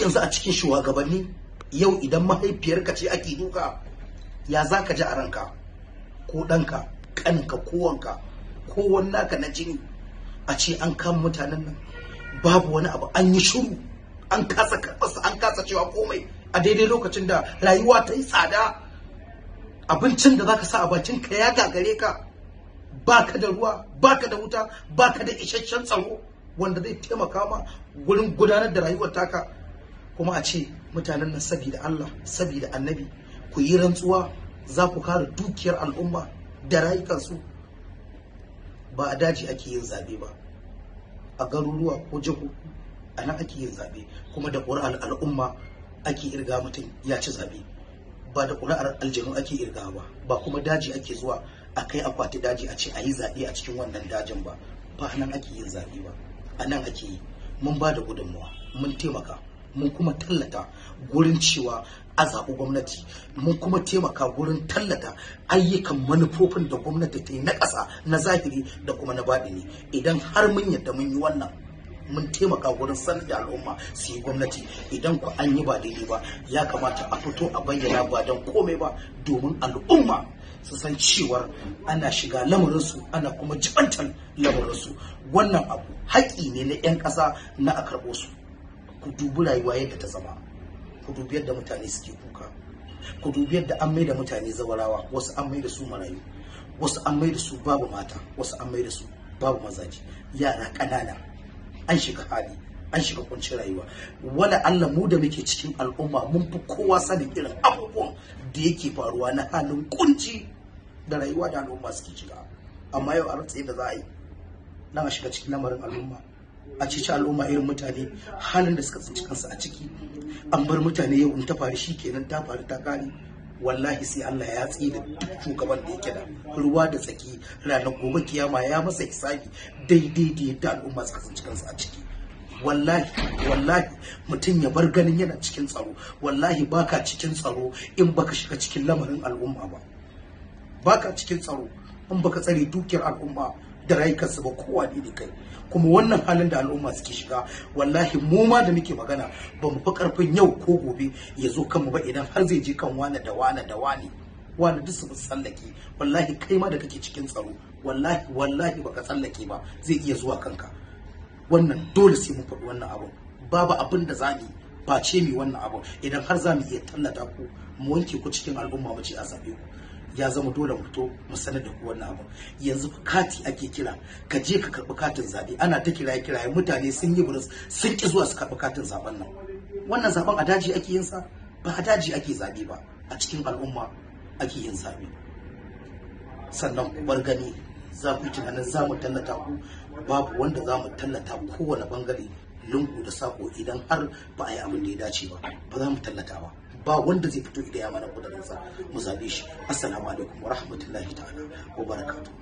yanzu a cikin shugabanni yau idan mahaifiyarka ce ake duka ya za ka ji a ranka ko ɗanka ƙanka kowanka ko wannaka na jini a ce an kan mutanen nan babu wani abu an yi shuru an kasa karɓarsa an kasa cewa komai a daidai lokacin da rayuwa ta yi tsada abincin da za ka sa a bakinka ya gagare ka baka da ruwa baka da wuta baka da isasshen tsaro wanda zai taimaka ma gurin gudanar da rayuwar taka kuma a ce mutanen nan sabida Allah sabida annabi ku yi rantsuwa za ku kare dukiyar al'umma da rayukansu ba a daji ake yin zabe ba a garuruwa ko jihu a nan ake yin zabe kuma da ƙuri'ar al'umma ake irga mutum ya ci zabe ba da ƙuri'ar aljanu ake irga ba ba kuma daji ake zuwa a kai akwati daji a ce a yi zaɓe a cikin wannan dajin ba ba nan ake yin zaɓe ba a nan ake yi mun ba da gudunmawa mun taimaka mun kuma tallata gurin cewa a zaɓi gwamnati mun kuma taimaka gurin tallata ayyukan manufofin da gwamnati ta yi na ƙasa na zahiri da kuma na baɗini idan har mun yadda mun yi wannan mun taimaka wurin sanar da al'umma su yi gwamnati idan ku an yi ba daidai ba ya kamata a fito a bayyana ba don komai ba domin al'umma su san cewar ana shiga lamarinsu ana kuma jibantar lamarinsu wannan abu haƙƙi ne na 'yan ƙasa na a karɓo su ku dubi rayuwa yadda ta zama ku dubi yadda mutane suke kuka ku dubi yadda an mai da mutane zawarawa wasu an mai da su marayu wasu an mai da su babu mata wasu an mai da su babu mazaji yara ƙanana an shiga hali an shiga kuncin rayuwa wala Allah mu da muke cikin al'umma mun fi kowa sanin irin abubuwan da yake faruwa na halin kunci da rayuwa da al'umma suke shiga amma yau a rutse da za a yi na shiga cikin lamarin al'umma a cici al'umma irin mutane halin da suka tsinci kansu a ciki an bar mutane yau in ta faru shi kenan ta faru ta kare wallahi sai Allah ya tsi da duk shugaban da yake da ruwa da tsaki ranar gobe kiyama ya masa hisabi daidai da yadda al'umma suka tsinci kansu a ciki wallahi wallahi mutum ya bar ganin yana cikin tsaro wallahi baka cikin tsaro in baka shiga cikin lamarin al'umma ba baka cikin tsaro in baka tsare dukiyar al'umma da rayukansu ba kowa ne da kai kuma wannan halin da al'umma suke shiga wallahi mu ma da muke magana ba mu fi karfin yau ko gobe ya zo kanmu ba idan har zai je kan wane da wane da wane wane duk su tsallake wallahi kai ma da kake cikin tsaro wallahi wallahi baka tsallake ba zai iya zuwa kanka wannan dole sai mu faɗi wannan abu babu abin da za face wannan abun idan har za mu iya tallata ku mu wanke ku cikin al'umma mu ce a zabe ku ya zama dole mu fito mu sanar da ku wannan abu yanzu kati ake kira ka je ka karɓi katin zaɓe ana ta kiraye kiraye mutane sun yi buris sun ki zuwa su karɓi katin zaɓen nan wannan zaɓen a daji ake yin sa ba a daji ake zaɓe ba a cikin al'umma ake yin zaɓe sannan ku bar gani za ku tunanin za mu tallata ku babu wanda za mu tallata kowane bangare lungu da sako idan har ba a yi abin da ya dace ba ba za mu tallata ba ba wanda zai fito idan ya mana sa mu zabe shi assalamu alaikum wa rahmatullahi ta'ala wa barakatuh